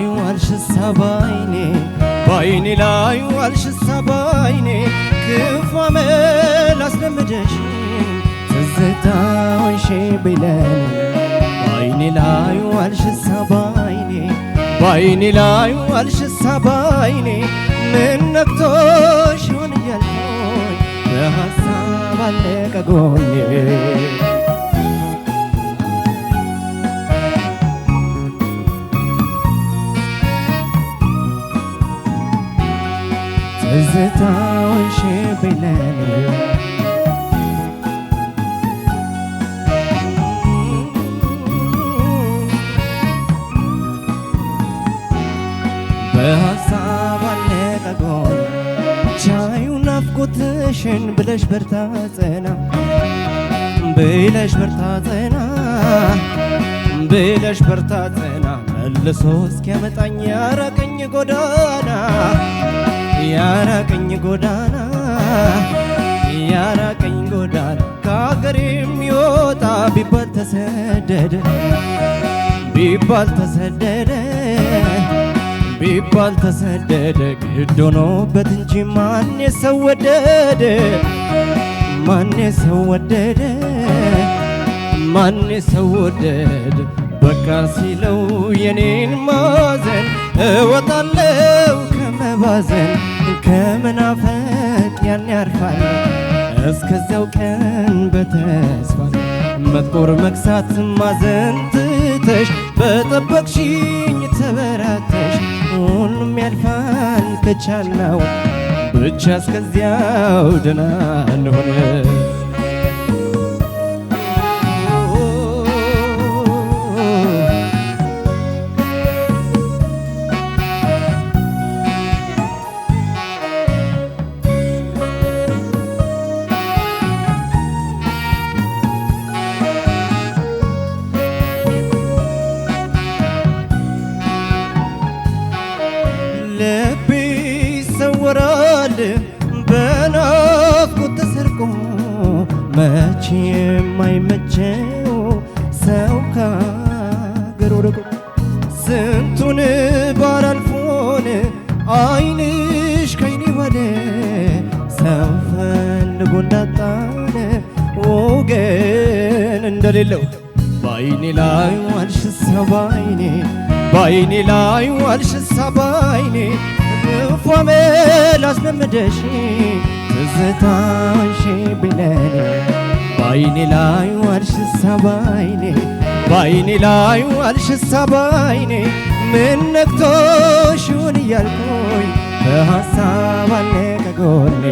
ላይ ዋልሽ ሳባይኔ ባይኔ ላዩ ዋልሽ ሳባይኔ ክፉ አመል አስለምደሽ ትዝታውንሽ ብለን ባይኔ ላይ ዋልሽ ሳባይኔ ባይኔ ላዩ ዋልሽ ሳባይኔ ምን ነክቶሽ ይሆን እያልኩኝ በሀሳብ አለቀ ጎኔ እዝታውን ሽብለን በሀሳብ አለቀቆን ቻዩ ናፍቆትሽን ብለሽ በርታ ጽና ብለሽ በርታ ጽና ብለሽ በርታ ጽና መልሶ እስኪያመጣኝ ያራቀኝ ጎዳና ያራቀኝ ጎዳና ያራቀኝ ጎዳና ከሀገሬም ይወጣ ቢባል ተሰደደ ቢባል ተሰደደ ቢባል ተሰደደ ግድ ሆኖበት እንጂ ማን ሰው ወደደ ማን ሰው ወደደ ማን ሰው ወደደ በቃ ሲለው የኔን ማዘን እወጣለው ከመባዘን ከመናፈቅ ያን ያርፋል እስከዚያው ቀን በተስፋ መጥቆር መክሳት ማዘን ትተሽ በጠበቅሽኝ ተበራተሽ ሁሉም ያልፋል ከቻልነው ብቻ እስከዚያው ደህና እንሆን አውቆ መቼ የማይመቸው ሰው ከአገሩ ርቆ ስንቱን ባር አልፎን አይንሽ ከይኔ ወደ ሰው ፈልጎ እንዳጣን ወገን እንደሌለው ባይኔ ላይ ዋልሽ ሰባይኔ ባይኔ ላይ ዋልሽ ሰባይኔ እፏ መላስ ለመደሽ ትዝታሽ ብለን ባይኔ ላይ ዋልሽ ሳባይኔ ባይኔ ላይ ዋልሽ ሳባይኔ ምን ነክቶሽን እያልኩኝ በሀሳብ አለ ከጎኔ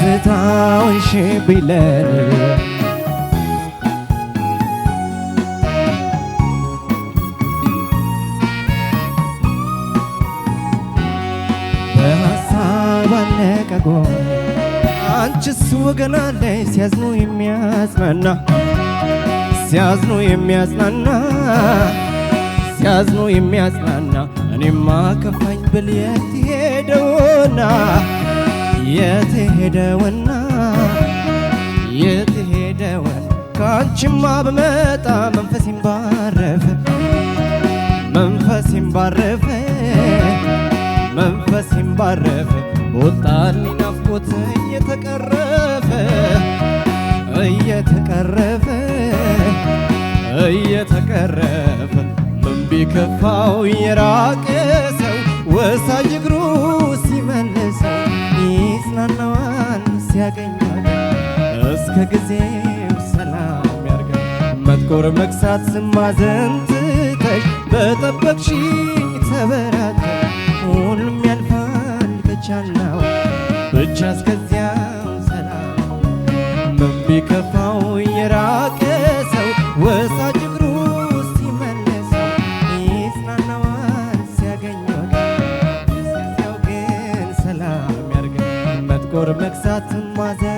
ትዝታሽ ብለን እኮ አንቺስ ወገና ላይ ሲያዝኑ የሚያዝናና ሲያዝኑ የሚያዝናና ሲያዝኑ የሚያዝናና እኔማ ከፋኝ ብል የት ሄደውና የት ሄደውና የት ሄደውን ከአንቺማ በመጣ መንፈሴም ባረፈ መንፈሴም ባረፈ መንፈስ ባረፈ ወጣን ናፍቆት እየተቀረፈ እየተቀረፈ እየተቀረፈ ምን ቢከፋው የራቀ ሰው ወሳጅ እግሩ ሲመልሰው ይጽናናዋል ሲያገኛል እስከ ጊዜው ሰላም ያርጋል መጥቆር መክሳት ስማዘን ትተሽ በጠበቅሽኝ ተበራ ሰምቻለሁ ብቻ እስከዚያ ሰላም የራቀ ሰው ወሳጅ እግሩ ሲመለሰው ይጽናናዋል ሲያገኘው እስከዚያው ግን ሰላም መጥቆር መክሳት ማዘ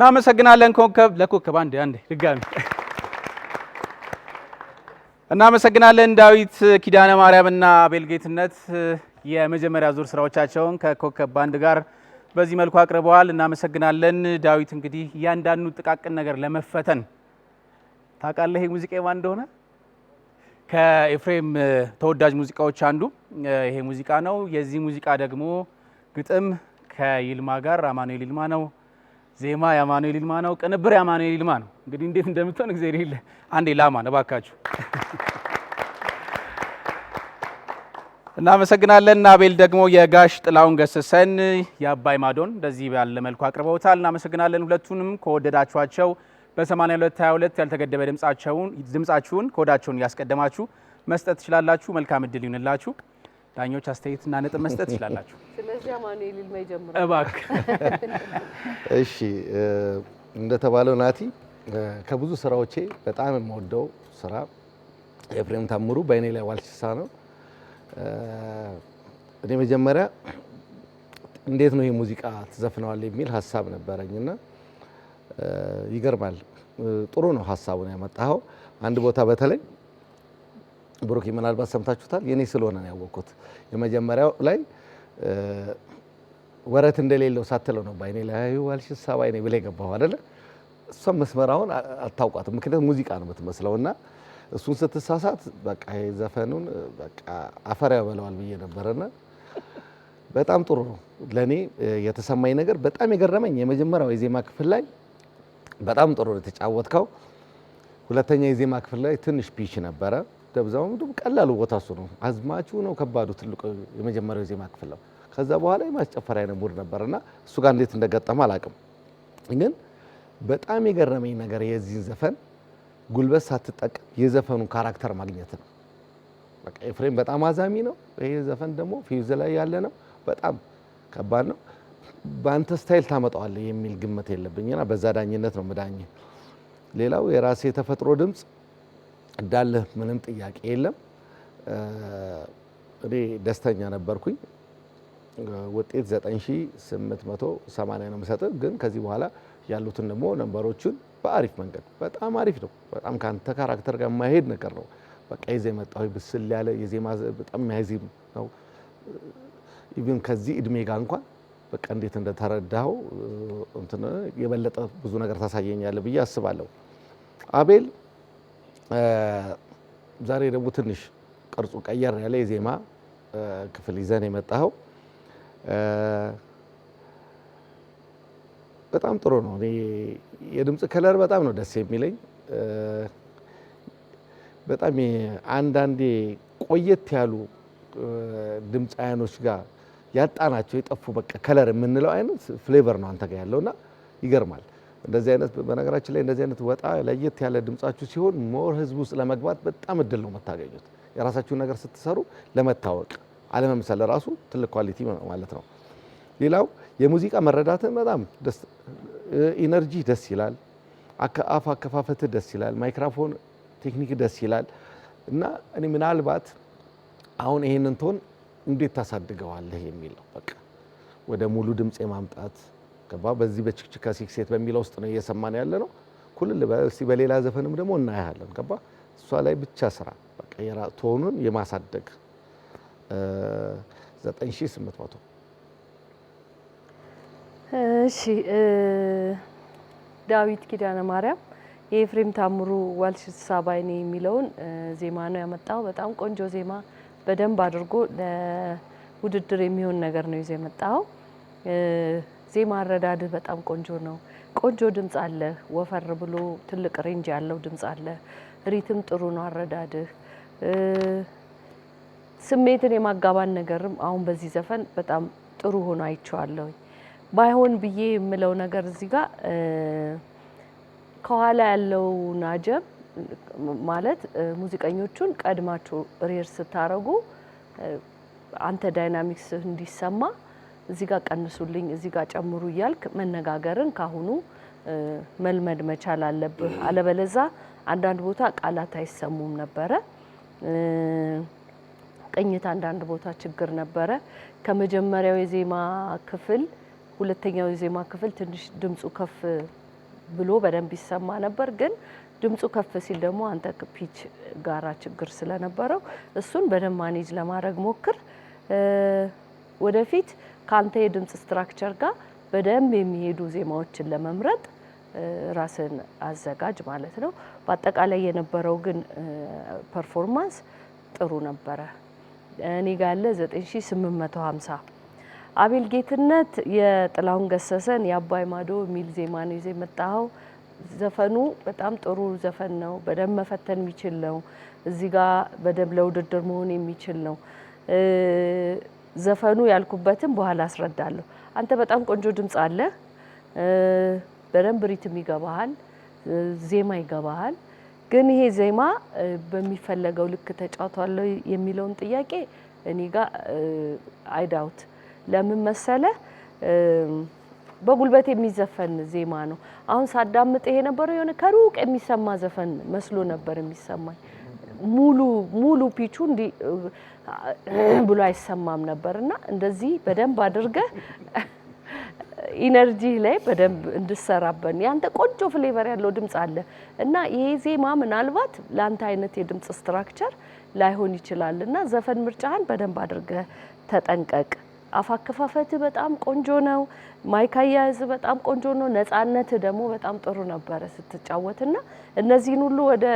እናመሰግናለን። ኮከብ ለኮከብ አንድ አንድ ድጋሚ እናመሰግናለን። ዳዊት ኪዳነ ማርያምና አቤልጌትነት የመጀመሪያ ዙር ስራዎቻቸውን ከኮከብ ባንድ ጋር በዚህ መልኩ አቅርበዋል። እናመሰግናለን ዳዊት። እንግዲህ እያንዳንዱ ጥቃቅን ነገር ለመፈተን ታውቃለህ፣ ይሄ ሙዚቃ ማን እንደሆነ ከኤፍሬም ተወዳጅ ሙዚቃዎች አንዱ ይሄ ሙዚቃ ነው። የዚህ ሙዚቃ ደግሞ ግጥም ከይልማ ጋር አማኑኤል ይልማ ነው። ዜማ የአማኑኤል ይልማ ነው። ቅንብር የአማኑኤል ይልማ ነው። እንግዲህ እንዴት እንደምትሆን እግዚአብሔር ይል አንዴ ላማ ነው ባካችሁ። እናመሰግናለን። አቤል ደግሞ የጋሽ ጥላውን ገሰሰን የአባይ ማዶን እንደዚህ ባለ መልኩ አቅርበውታል። እናመሰግናለን። ሁለቱንም ከወደዳችኋቸው በ8222 ያልተገደበ ድምጻችሁን ከወዳቸውን እያስቀደማችሁ መስጠት ትችላላችሁ። መልካም እድል ይሁንላችሁ። ዳኞች አስተያየትና ነጥብ መስጠት ይችላላችሁ። ስለዚህ አማኑኤል ይልማ ይጀምራል። እባክህ። እሺ፣ እንደተባለው ናቲ፣ ከብዙ ስራዎቼ በጣም የምወደው ስራ ኤፍሬም ታምሩ በእኔ ላይ ዋልችሳ ነው። እኔ መጀመሪያ እንዴት ነው ይህ ሙዚቃ ትዘፍነዋል የሚል ሀሳብ ነበረኝ እና ይገርማል፣ ጥሩ ነው ሀሳቡን ያመጣኸው አንድ ቦታ በተለይ ብሩኬ ምናልባት ሰምታችሁታል። የኔ ስለሆነ ነው ያወቅኩት። የመጀመሪያው ላይ ወረት እንደሌለው ሳትለው ነው ባይኔ ላይ ዋልሽ ሳባይ ነው ብላ የገባው አይደለ? እሷም መስመራውን አታውቋትም፣ ምክንያቱም ሙዚቃ ነው የምትመስለው እና እሱን ስትሳሳት በቃ ዘፈኑን በቃ አፈር ያበለዋል ብዬ ነበረና በጣም ጥሩ ነው። ለእኔ የተሰማኝ ነገር በጣም የገረመኝ የመጀመሪያው የዜማ ክፍል ላይ በጣም ጥሩ ነው የተጫወትከው። ሁለተኛ የዜማ ክፍል ላይ ትንሽ ፒች ነበረ ደብዛው ቀላሉ ቦታ እሱ ነው። አዝማቹ ነው ከባዱ። ትልቁ የመጀመሪያው ዜማ ክፍል ነው። ከዛ በኋላ የማስጨፈር አይነት ሙድ ነበርና እሱ ጋር እንዴት እንደገጠመ አላውቅም፣ ግን በጣም የገረመኝ ነገር የዚህን ዘፈን ጉልበት ሳትጠቀም የዘፈኑ ካራክተር ማግኘት ነው። በቃ ኤፍሬም በጣም አዛሚ ነው። ይሄ ዘፈን ደግሞ ፊውዝ ላይ ያለ ነው። በጣም ከባድ ነው። በአንተ ስታይል ታመጣዋለህ የሚል ግምት የለብኝና በዛ ዳኝነት ነው ምዳኝ። ሌላው የራሴ የተፈጥሮ ድምፅ ትቀዳለህ፣ ምንም ጥያቄ የለም። እኔ ደስተኛ ነበርኩኝ። ውጤት 9880 ነው የምሰጥ። ግን ከዚህ በኋላ ያሉትን ደግሞ ነንበሮቹን በአሪፍ መንገድ በጣም አሪፍ ነው። በጣም ከአንተ ካራክተር ጋር የማይሄድ ነገር ነው። በቃ ይዘህ የመጣሁ ብስል ያለ የዜማ በጣም የሚያዜም ነው። ኢቭን ከዚህ እድሜ ጋር እንኳን በቃ እንዴት እንደተረዳኸው የበለጠ ብዙ ነገር ታሳየኛለህ ብዬ አስባለሁ አቤል ዛሬ ደግሞ ትንሽ ቅርጹ ቀየር ያለ የዜማ ክፍል ይዘን የመጣኸው በጣም ጥሩ ነው። እኔ የድምፅ ከለር በጣም ነው ደስ የሚለኝ። በጣም አንዳንዴ ቆየት ያሉ ድምፃውያኖች ጋር ያጣናቸው የጠፉ በቃ ከለር የምንለው አይነት ፍሌቨር ነው አንተ ጋር እና ይገርማል። እንደዚህ አይነት በነገራችን ላይ እንደዚህ አይነት ወጣ ለየት ያለ ድምጻችሁ ሲሆን ሞር ህዝብ ውስጥ ለመግባት በጣም እድል ነው የምታገኙት። የራሳችሁን ነገር ስትሰሩ ለመታወቅ አለመምሰል ራሱ ትልቅ ኳሊቲ ማለት ነው። ሌላው የሙዚቃ መረዳትን በጣም ደስ ኢነርጂ ደስ ይላል። አፍ አከፋፈት ደስ ይላል። ማይክራፎን ቴክኒክ ደስ ይላል እና እኔ ምናልባት አሁን ይሄንን ቶን እንዴት ታሳድገዋለህ የሚል በቃ ወደ ሙሉ ድምፅ የማምጣት ገባ በዚህ በችክችካ ሲክሴት በሚለው ውስጥ ነው እየሰማን ያለ ነው። ኩልል እስቲ በሌላ ዘፈንም ደግሞ እናያለን። ገባ እሷ ላይ ብቻ ስራ በቃ የራ ቶኑን የማሳደግ 9800 እሺ ዳዊት ኪዳነ ማርያም የኤፍሬም ታምሩ ዋልሽ ሳባይኔ የሚለውን ዜማ ነው ያመጣው። በጣም ቆንጆ ዜማ በደንብ አድርጎ ለውድድር የሚሆን ነገር ነው ይዞ የመጣው። ዜማ አረዳድህ በጣም ቆንጆ ነው። ቆንጆ ድምፅ አለ። ወፈር ብሎ ትልቅ ሬንጅ ያለው ድምፅ አለ። ሪትም ጥሩ ነው። አረዳድህ ስሜትን የማጋባን ነገርም አሁን በዚህ ዘፈን በጣም ጥሩ ሆኖ አይቼዋለሁ። ባይሆን ብዬ የምለው ነገር እዚህ ጋር ከኋላ ያለውን አጀብ ማለት ሙዚቀኞቹን ቀድማችሁ ሬር ስታረጉ አንተ ዳይናሚክስ እንዲሰማ እዚህ ጋር ቀንሱልኝ፣ እዚህ ጋር ጨምሩ እያልክ መነጋገርን ካሁኑ መልመድ መቻል አለብህ። አለበለዛ አንዳንድ ቦታ ቃላት አይሰሙም ነበረ። ቅኝት አንዳንድ ቦታ ችግር ነበረ። ከመጀመሪያው የዜማ ክፍል ሁለተኛው የዜማ ክፍል ትንሽ ድምፁ ከፍ ብሎ በደንብ ይሰማ ነበር። ግን ድምፁ ከፍ ሲል ደግሞ አንተ ፒች ጋራ ችግር ስለነበረው እሱን በደንብ ማኔጅ ለማድረግ ሞክር ወደፊት ከአንተ የድምፅ ስትራክቸር ጋር በደንብ የሚሄዱ ዜማዎችን ለመምረጥ ራስን አዘጋጅ ማለት ነው። በአጠቃላይ የነበረው ግን ፐርፎርማንስ ጥሩ ነበረ። እኔ ጋለ 9850 አቤል ጌትነት የጥላሁን ገሰሰን የአባይ ማዶ የሚል ዜማ ነው ይዘ የመጣኸው። ዘፈኑ በጣም ጥሩ ዘፈን ነው። በደንብ መፈተን የሚችል ነው። እዚህ ጋር በደንብ ለውድድር መሆን የሚችል ነው። ዘፈኑ ያልኩበትን በኋላ አስረዳለሁ። አንተ በጣም ቆንጆ ድምፅ አለ፣ በደንብ ሪትም ይገባሃል፣ ዜማ ይገባሃል። ግን ይሄ ዜማ በሚፈለገው ልክ ተጫውቷለሁ የሚለውን ጥያቄ እኔ ጋር አይዳውት። ለምን መሰለ በጉልበት የሚዘፈን ዜማ ነው። አሁን ሳዳምጥ ይሄ ነበረው የሆነ ከሩቅ የሚሰማ ዘፈን መስሎ ነበር የሚሰማኝ። ሙሉ ሙሉ ፒቹ እንዲ ብሎ አይሰማም ነበር እና እንደዚህ በደንብ አድርገህ ኢነርጂ ላይ በደንብ እንድሰራበን ያንተ ቆንጆ ፍሌቨር ያለው ድምፅ አለ እና ይሄ ዜማ ምናልባት ለአንተ አይነት የድምፅ ስትራክቸር ላይሆን ይችላል እና ዘፈን ምርጫህን በደንብ አድርገህ ተጠንቀቅ። አፋከፋፈት በጣም ቆንጆ ነው። ማይክ አያያዝ በጣም ቆንጆ ነው። ነፃነት ደግሞ በጣም ጥሩ ነበረ ስትጫወትና እነዚህን ሁሉ ወደ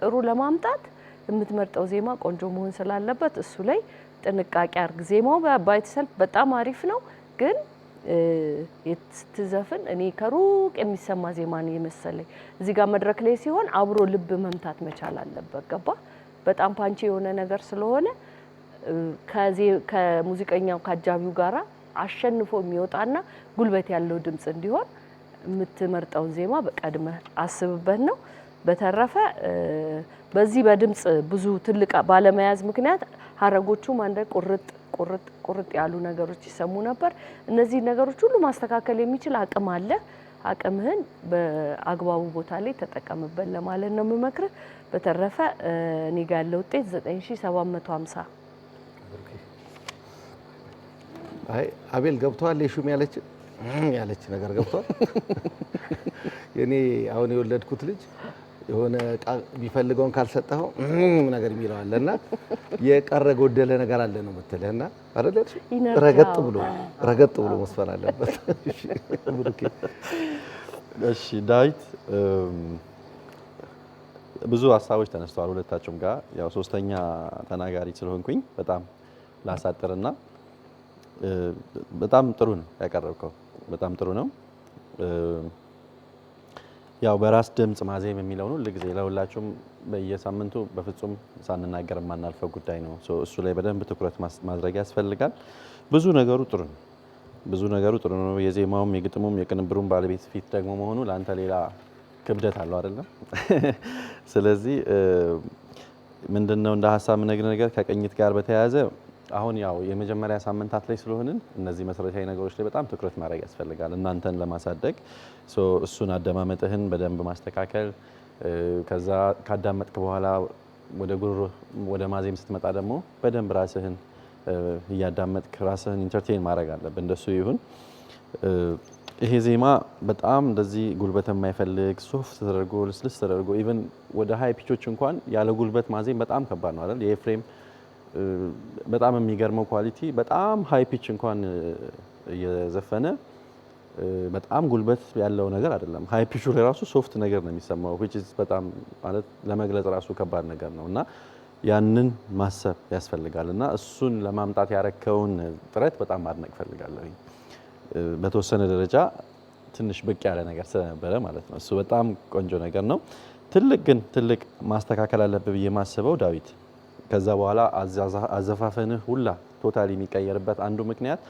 ጥሩ ለማምጣት የምትመርጠው ዜማ ቆንጆ መሆን ስላለበት እሱ ላይ ጥንቃቄ አርግ። ዜማው ሰልፍ በጣም አሪፍ ነው፣ ግን ስትዘፍን እኔ ከሩቅ የሚሰማ ዜማ ነው የመሰለኝ። እዚህ ጋር መድረክ ላይ ሲሆን አብሮ ልብ መምታት መቻል አለበት። ገባ? በጣም ፓንቺ የሆነ ነገር ስለሆነ ከሙዚቀኛው ከአጃቢው ጋራ አሸንፎ የሚወጣና ጉልበት ያለው ድምፅ እንዲሆን የምትመርጠውን ዜማ በቀድመ አስብበት ነው። በተረፈ በዚህ በድምጽ ብዙ ትልቅ ባለመያዝ ምክንያት ሀረጎቹም አንደ ቁርጥ ቁርጥ ቁርጥ ያሉ ነገሮች ይሰሙ ነበር። እነዚህ ነገሮች ሁሉ ማስተካከል የሚችል አቅም አለ። አቅምህን በአግባቡ ቦታ ላይ ተጠቀምበት ለማለት ነው የምመክር። በተረፈ እኔ ጋ ውጤት 9750 አይ አቤል ገብቷል። የሹም ያለች ያለች ነገር ገብቷል። የኔ አሁን የወለድኩት ልጅ የሆነ እቃ ቢፈልገውን ካልሰጠኸው ነገር የሚለው አለ እና የቀረ ጎደለ ነገር አለ ነው የምትልህ እና ረገጥ ብሎ ረገጥ ብሎ መስፈር አለበት። እሺ ዳዊት፣ ብዙ ሀሳቦች ተነስተዋል ሁለታችሁም ጋር ያው ሶስተኛ ተናጋሪ ስለሆንኩኝ በጣም ላሳጥርና በጣም ጥሩ ነው ያቀረብከው፣ በጣም ጥሩ ነው። ያው በራስ ድምጽ ማዜም የሚለው ነው። ጊዜ ለሁላችሁም በየሳምንቱ በፍጹም ሳንናገር የማናልፈው ጉዳይ ነው። እሱ ላይ በደንብ ትኩረት ማድረግ ያስፈልጋል። ብዙ ነገሩ ጥሩ ነው፣ ብዙ ነገሩ ጥሩ ነው። የዜማውም የግጥሙም የቅንብሩም ባለቤት ፊት ደግሞ መሆኑ ለአንተ ሌላ ክብደት አለው አይደለም። ስለዚህ ምንድን ነው እንደ ሀሳብ ምነግር ነገር ከቅኝት ጋር በተያያዘ አሁን ያው የመጀመሪያ ሳምንታት ላይ ስለሆንን እነዚህ መሰረታዊ ነገሮች ላይ በጣም ትኩረት ማድረግ ያስፈልጋል፣ እናንተን ለማሳደግ እሱን አደማመጥህን በደንብ ማስተካከል። ከዛ ካዳመጥክ በኋላ ወደ ጉሮሮ ወደ ማዜም ስትመጣ ደግሞ በደንብ ራስህን እያዳመጥክ ራስህን ኢንተርቴን ማድረግ አለብህ። እንደሱ ይሁን። ይሄ ዜማ በጣም እንደዚህ ጉልበት የማይፈልግ ሶፍት ተደርጎ ልስልስ ተደርጎ ኢቨን ወደ ሀይ ፒቾች እንኳን ያለ ጉልበት ማዜም በጣም ከባድ ነው አይደል? የኤፍሬም በጣም የሚገርመው ኳሊቲ በጣም ሀይ ፒች እንኳን እየዘፈነ በጣም ጉልበት ያለው ነገር አይደለም። ሀይ ፒቹ የራሱ ሶፍት ነገር ነው የሚሰማው which is በጣም ማለት ለመግለጽ ራሱ ከባድ ነገር ነው እና ያንን ማሰብ ያስፈልጋል እና እሱን ለማምጣት ያረከውን ጥረት በጣም ማድነቅ ፈልጋለሁ። በተወሰነ ደረጃ ትንሽ ብቅ ያለ ነገር ስለነበረ ማለት ነው። እሱ በጣም ቆንጆ ነገር ነው። ትልቅ ግን ትልቅ ማስተካከል አለብህ ብዬ የማስበው ዳዊት ከዛ በኋላ አዘፋፈንህ ሁላ ቶታሊ የሚቀየርበት አንዱ ምክንያት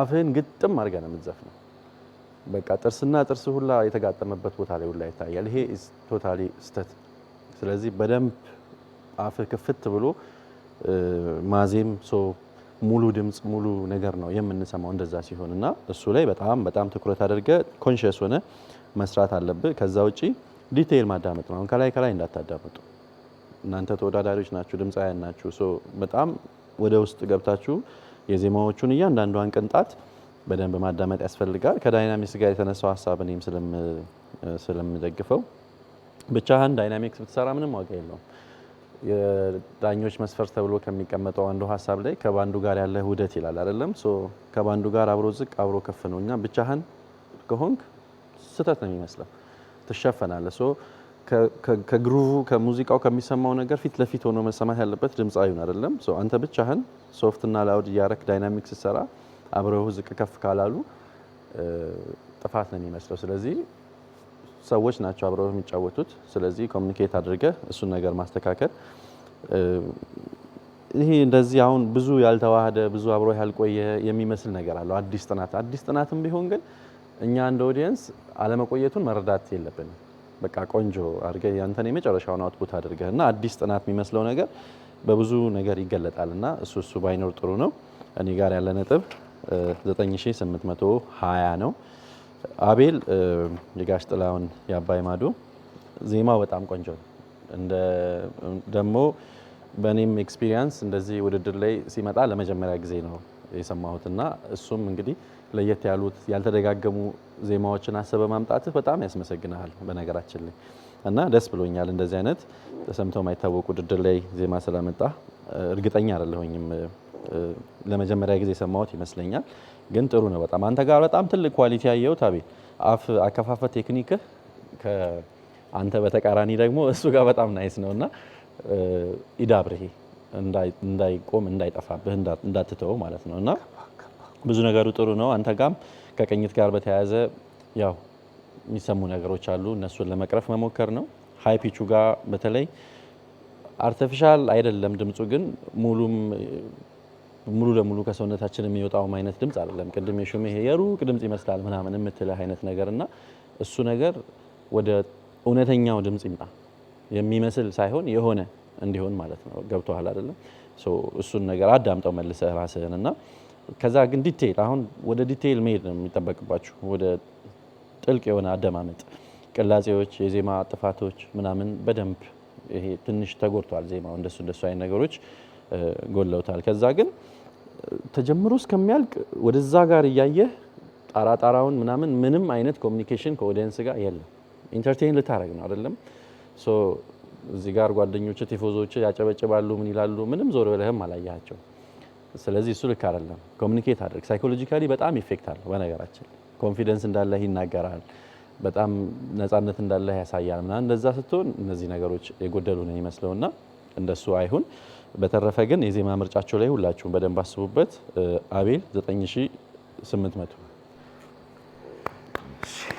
አፍህን ግጥም አድርገህ ነው የምትዘፍነው። በቃ ጥርስና ጥርስ ሁላ የተጋጠመበት ቦታ ላይ ሁላ ይታያል። ይሄ ቶታሊ ስተት። ስለዚህ በደንብ አፍህ ክፍት ብሎ ማዜም ሙሉ ድምፅ ሙሉ ነገር ነው የምንሰማው። እንደዛ ሲሆን እና እሱ ላይ በጣም በጣም ትኩረት አድርገ ኮንሽስ ሆነ መስራት አለብህ። ከዛ ውጪ ዲቴይል ማዳመጥ ነው። አሁን ከላይ ከላይ እንዳታዳምጡ እናንተ ተወዳዳሪዎች ናችሁ፣ ድምፃውያን ናችሁ። በጣም ወደ ውስጥ ገብታችሁ የዜማዎቹን እያንዳንዷን ቅንጣት በደንብ ማዳመጥ ያስፈልጋል። ከዳይናሚክስ ጋር የተነሳው ሀሳብ እኔም ስለምደግፈው ብቻህን ዳይናሚክስ ብትሰራ ምንም ዋጋ የለውም። የዳኞች መስፈርት ተብሎ ከሚቀመጠው አንዱ ሀሳብ ላይ ከባንዱ ጋር ያለ ውህደት ይላል አይደለም። ከባንዱ ጋር አብሮ ዝቅ አብሮ ከፍ ነው። እኛ ብቻህን ከሆንክ ስህተት ነው የሚመስለው፣ ትሸፈናለህ ከግሩቭ ከሙዚቃው ከሚሰማው ነገር ፊት ለፊት ሆኖ መሰማት ያለበት ድምፃዊውን አይደለም። አንተ ብቻህን እና ላውድ እያረክ ዳይናሚክ ስሰራ አብረው ዝቅ ከፍ ካላሉ ጥፋት ነው የሚመስለው። ስለዚህ ሰዎች ናቸው አብረው የሚጫወቱት። ስለዚህ ኮሚኒኬት አድርገህ እሱን ነገር ማስተካከል ይሄ እንደዚህ አሁን ብዙ ያልተዋሃደ ብዙ አብሮ ያልቆየ የሚመስል ነገር አለው። አዲስ ጥናት አዲስ ጥናትም ቢሆን ግን እኛ እንደ ኦዲየንስ አለመቆየቱን መረዳት የለብንም። በቃ ቆንጆ አድርገህ ያንተን የመጨረሻውን አውትፑት አድርገህ እና አዲስ ጥናት የሚመስለው ነገር በብዙ ነገር ይገለጣል እና እሱ እሱ ባይኖር ጥሩ ነው። እኔ ጋር ያለ ነጥብ 9820 ነው። አቤል የጋሽ ጥላሁን የአባይ ማዶ ዜማው በጣም ቆንጆ ነው። እንደ ደግሞ በእኔም ኤክስፒሪየንስ እንደዚህ ውድድር ላይ ሲመጣ ለመጀመሪያ ጊዜ ነው የሰማሁት እና እሱም እንግዲህ ለየት ያሉት ያልተደጋገሙ ዜማዎችን አሰ በማምጣት በጣም ያስመሰግናል። በነገራችን ላይ እና ደስ ብሎኛል። እንደዚህ አይነት ተሰምተው ማይታወቅ ውድድር ላይ ዜማ ስላመጣ እርግጠኛ አይደለሁኝም። ለመጀመሪያ ጊዜ የሰማሁት ይመስለኛል፣ ግን ጥሩ ነው በጣም አንተ ጋር በጣም ትልቅ ኳሊቲ ያየሁት። አቤት አፍ አከፋፈት ቴክኒክህ ከአንተ በተቃራኒ ደግሞ እሱ ጋር በጣም ናይስ ነው እና ኢዳብርሄ እንዳይቆም እንዳይጠፋብህ እንዳትተው ማለት ነው እና ብዙ ነገሩ ጥሩ ነው። አንተ ጋም ከቅኝት ጋር በተያያዘ ያው የሚሰሙ ነገሮች አሉ። እነሱን ለመቅረፍ መሞከር ነው። ሀይ ፒቹ ጋር በተለይ አርቲፊሻል አይደለም ድምፁ ግን ሙሉም ሙሉ ለሙሉ ከሰውነታችን የሚወጣውም አይነት ድምፅ አይደለም። ቅድም የሹም ይሄ የሩቅ ድምፅ ይመስላል ምናምን የምትልህ አይነት ነገር እና እሱ ነገር ወደ እውነተኛው ድምፅ ይምጣ የሚመስል ሳይሆን የሆነ እንዲሆን ማለት ነው። ገብቶሃል አይደለም? እሱን ነገር አዳምጠው መልሰህ ራስህን እና ከዛ ግን ዲቴይል አሁን ወደ ዲቴይል መሄድ ነው የሚጠበቅባችሁ፣ ወደ ጥልቅ የሆነ አደማመጥ፣ ቅላጼዎች፣ የዜማ ጥፋቶች ምናምን በደንብ ይሄ ትንሽ ተጎድቷል ዜማው፣ እንደሱ እንደሱ አይነት ነገሮች ጎለውታል። ከዛ ግን ተጀምሮ እስከሚያልቅ ወደዛ ጋር እያየህ ጣራ ጣራውን ምናምን ምንም አይነት ኮሚኒኬሽን ከኦዲየንስ ጋር የለም። ኢንተርቴን ልታደረግ ነው አይደለም። እዚህ ጋር ጓደኞች ቴፎዞች ያጨበጭባሉ፣ ምን ይላሉ፣ ምንም ዞር ብለህም አላያቸው። ስለዚህ እሱ ልክ አይደለም። ኮሚኒኬት አድርግ። ሳይኮሎጂካሊ በጣም ኢፌክት አለው። በነገራችን ኮንፊደንስ እንዳለህ ይናገራል። በጣም ነፃነት እንዳለህ ያሳያል። ምና እንደዛ ስትሆን እነዚህ ነገሮች የጎደሉ ነው ይመስለውና እንደሱ አይሁን። በተረፈ ግን የዜማ ምርጫቸው ላይ ሁላችሁም በደንብ አስቡበት። አቤል 9800